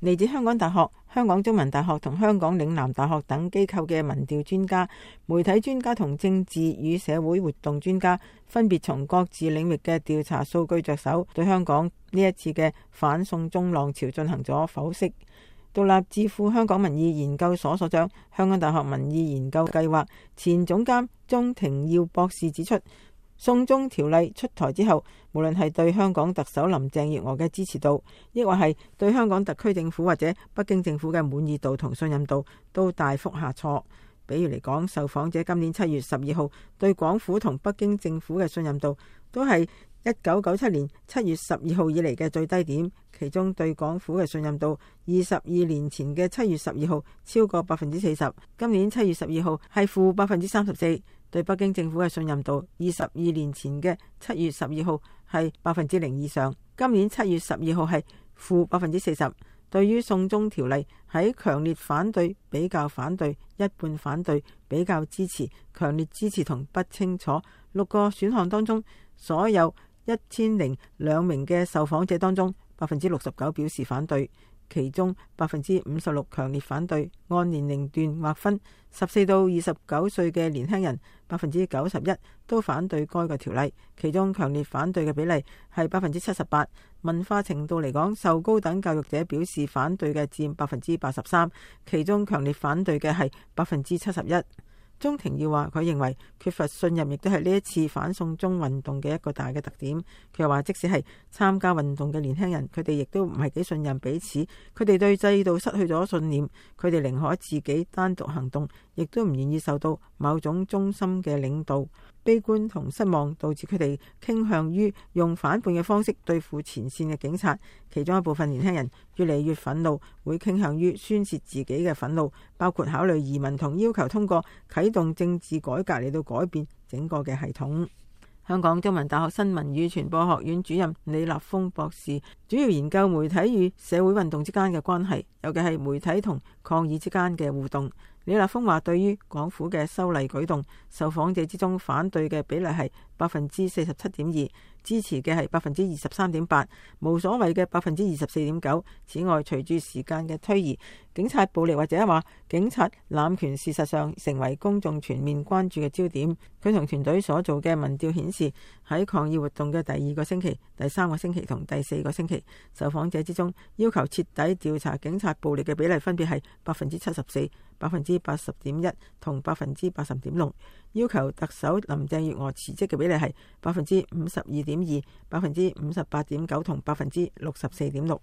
嚟自香港大學、香港中文大學同香港嶺南大學等機構嘅民調專家、媒體專家同政治與社會活動專家，分別從各自領域嘅調查數據着手，對香港呢一次嘅反送中浪潮進行咗剖析。獨立智庫香港民意研究所所長、香港大學民意研究計劃前總監鍾庭耀博士指出，送中條例出台之後，無論係對香港特首林鄭月娥嘅支持度，亦或係對香港特區政府或者北京政府嘅滿意度同信任度，都大幅下挫。比如嚟講，受訪者今年七月十二號對港府同北京政府嘅信任度，都係一九九七年七月十二號以嚟嘅最低點。其中對港府嘅信任度，二十二年前嘅七月十二號超過百分之四十，今年七月十二號係負百分之三十四。對北京政府嘅信任度，二十二年前嘅七月十二號係百分之零以上，今年七月十二號係負百分之四十。對於送中條例，喺強烈反對、比較反對、一半反對、比較支持、強烈支持同不清楚六個選項當中，所有一千零兩名嘅受訪者當中，百分之六十九表示反對。其中百分之五十六強烈反對，按年齡段劃分，十四到二十九歲嘅年輕人，百分之九十一都反對該個條例，其中強烈反對嘅比例係百分之七十八。文化程度嚟講，受高等教育者表示反對嘅佔百分之八十三，其中強烈反對嘅係百分之七十一。鐘庭耀話：佢認為缺乏信任亦都係呢一次反送中運動嘅一個大嘅特點。佢又話，即使係參加運動嘅年輕人，佢哋亦都唔係幾信任彼此，佢哋對制度失去咗信念，佢哋寧可自己單獨行動，亦都唔願意受到某種中心嘅領導。悲觀同失望導致佢哋傾向於用反叛嘅方式對付前線嘅警察，其中一部分年輕人越嚟越憤怒，會傾向於宣泄自己嘅憤怒，包括考慮移民同要求通過啟動政治改革嚟到改變整個嘅系統。香港中文大學新聞與傳播學院主任李立峰博士主要研究媒體與社會運動之間嘅關係，尤其係媒體同抗議之間嘅互動。李立峰話，對於港府嘅修例舉動，受訪者之中反對嘅比例係百分之四十七點二。支持嘅係百分之二十三點八，無所謂嘅百分之二十四點九。此外，隨住時間嘅推移，警察暴力或者話警察濫權，事實上成為公眾全面關注嘅焦點。佢同團隊所做嘅民調顯示，喺抗議活動嘅第二個星期、第三個星期同第四個星期，受訪者之中要求徹底調查警察暴力嘅比例分別係百分之七十四、百分之八十點一同百分之八十點六。要求特首林鄭月娥辭職嘅比例係百分之五十二點二百分之五十八點九同百分之六十四點六。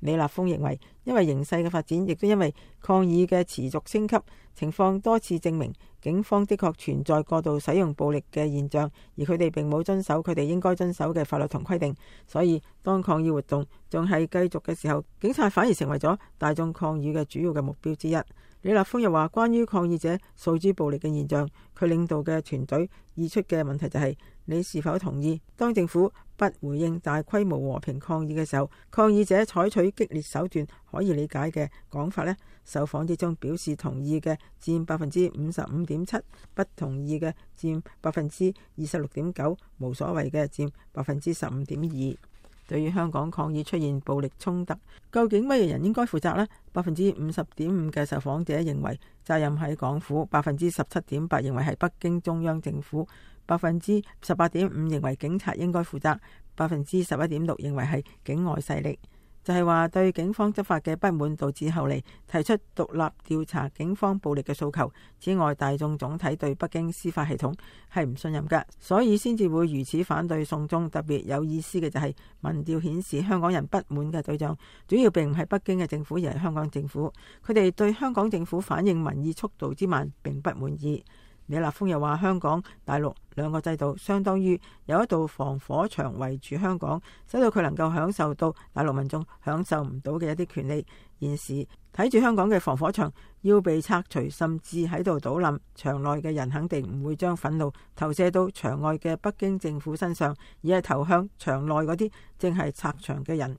李立峰認為，因為形勢嘅發展，亦都因為抗議嘅持續升級情況，多次證明警方的確存在過度使用暴力嘅現象，而佢哋並冇遵守佢哋應該遵守嘅法律同規定。所以當抗議活動仲係繼續嘅時候，警察反而成為咗大眾抗議嘅主要嘅目標之一。李立峰又話：關於抗議者訴諸暴力嘅現象，佢領導嘅團隊議出嘅問題就係、是、你是否同意當政府不回應大規模和平抗議嘅時候，抗議者採取激烈手段可以理解嘅講法呢，受訪之中表示同意嘅佔百分之五十五點七，不同意嘅佔百分之二十六點九，無所謂嘅佔百分之十五點二。對於香港抗議出現暴力衝突，究竟乜嘢人應該負責呢？百分之五十點五嘅受訪者認為責任喺港府，百分之十七點八認為係北京中央政府，百分之十八點五認為警察應該負責，百分之十一點六認為係境外勢力。就係話對警方執法嘅不滿導致後嚟提出獨立調查警方暴力嘅訴求。此外，大眾總體對北京司法系統係唔信任噶，所以先至會如此反對送中。特別有意思嘅就係民調顯示，香港人不滿嘅對象主要並唔係北京嘅政府，而係香港政府。佢哋對香港政府反映民意速度之慢，並不滿意。李立峰又話：香港大陸兩個制度相當於有一道防火牆圍住香港，使到佢能夠享受到大陸民眾享受唔到嘅一啲權利。現時睇住香港嘅防火牆要被拆除，甚至喺度倒冧，牆內嘅人肯定唔會將憤怒投射到牆外嘅北京政府身上，而係投向牆內嗰啲正係拆牆嘅人。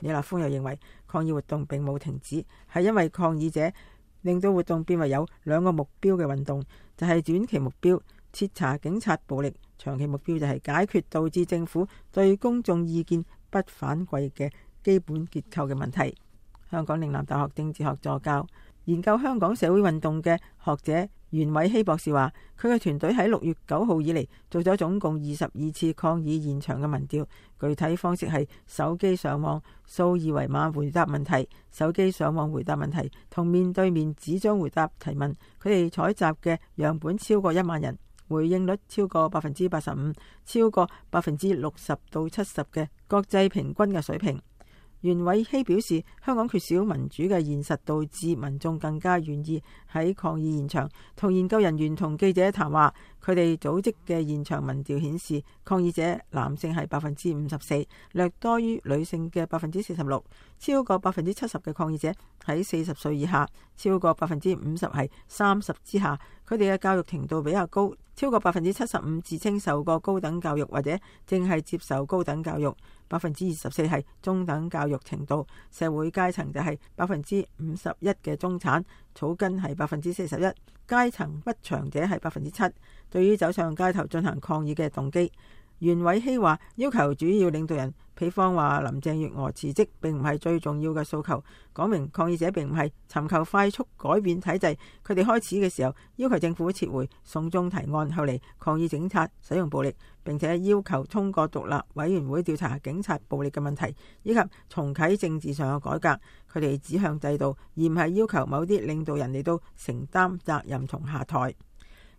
李立峰又認為抗議活動並冇停止，係因為抗議者令到活動變為有兩個目標嘅運動。就係短期目標，徹查警察暴力；長期目標就係解決導致政府對公眾意見不反饋嘅基本結構嘅問題。香港嶺南大學政治學助教，研究香港社會運動嘅學者。袁偉希博士話：佢嘅團隊喺六月九號以嚟做咗總共二十二次抗議現場嘅民調，具體方式係手機上網掃二維碼回答問題、手機上網回答問題同面對面紙張回答提問。佢哋採集嘅樣本超過一萬人，回應率超過百分之八十五，超過百分之六十到七十嘅國際平均嘅水平。袁偉希表示，香港缺少民主嘅現實，導致民眾更加願意。喺抗議現場，同研究人員同記者談話。佢哋組織嘅現場民調顯示，抗議者男性係百分之五十四，略多於女性嘅百分之四十六。超過百分之七十嘅抗議者喺四十歲以下，超過百分之五十係三十之下。佢哋嘅教育程度比較高，超過百分之七十五自稱受過高等教育或者正係接受高等教育，百分之二十四係中等教育程度。社會階層就係百分之五十一嘅中產。草根係百分之四十一，階層不詳者係百分之七。對於走上街頭進行抗議嘅動機。袁偉希話：要求主要領導人，比方話林鄭月娥辭職，並唔係最重要嘅訴求。講明抗議者並唔係尋求快速改變體制，佢哋開始嘅時候要求政府撤回送中提案，後嚟抗議警察使用暴力，並且要求通過獨立委員會調查警察暴力嘅問題，以及重啟政治上嘅改革。佢哋指向制度，而唔係要求某啲領導人嚟到承擔責任同下台。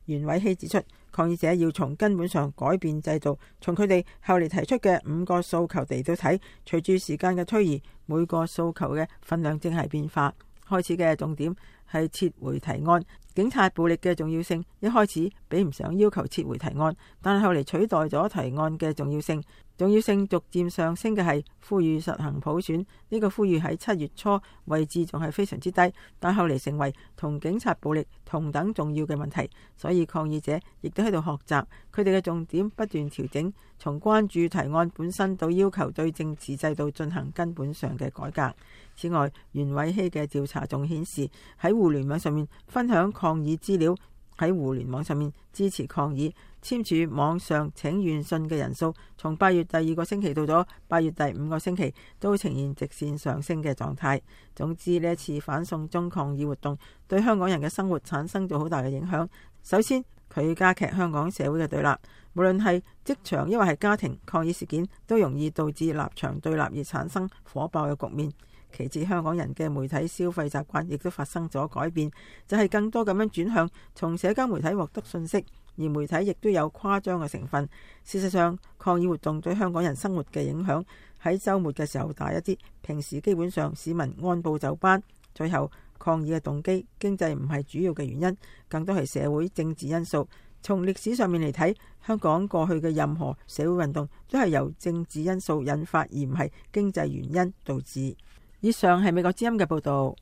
袁偉希指出。抗議者要從根本上改變制度。從佢哋後嚟提出嘅五個訴求地度睇，隨住時間嘅推移，每個訴求嘅份量正係變化。開始嘅重點係撤回提案，警察暴力嘅重要性一開始比唔上要求撤回提案，但後嚟取代咗提案嘅重要性。重要性逐漸上升嘅係呼籲實行普選，呢、這個呼籲喺七月初位置仲係非常之低，但後嚟成為同警察暴力同等重要嘅問題。所以抗議者亦都喺度學習，佢哋嘅重點不斷調整，從關注提案本身到要求對政治制度進行根本上嘅改革。此外，袁偉希嘅調查仲顯示，喺互聯網上面分享抗議資料，喺互聯網上面支持抗議。簽署網上請願信嘅人數，從八月第二個星期到咗八月第五個星期，都呈現直線上升嘅狀態。總之，呢次反送中抗議活動對香港人嘅生活產生咗好大嘅影響。首先，佢加劇香港社會嘅對立，無論係職場抑或係家庭，抗議事件都容易導致立場對立而產生火爆嘅局面。其次，香港人嘅媒體消費習慣亦都發生咗改變，就係、是、更多咁樣轉向從社交媒體獲得信息。而媒體亦都有誇張嘅成分。事實上，抗議活動對香港人生活嘅影響喺週末嘅時候大一啲，平時基本上市民按部就班。最後，抗議嘅動機經濟唔係主要嘅原因，更多係社會政治因素。從歷史上面嚟睇，香港過去嘅任何社會運動都係由政治因素引發，而唔係經濟原因導致。以上係美國之音嘅報導。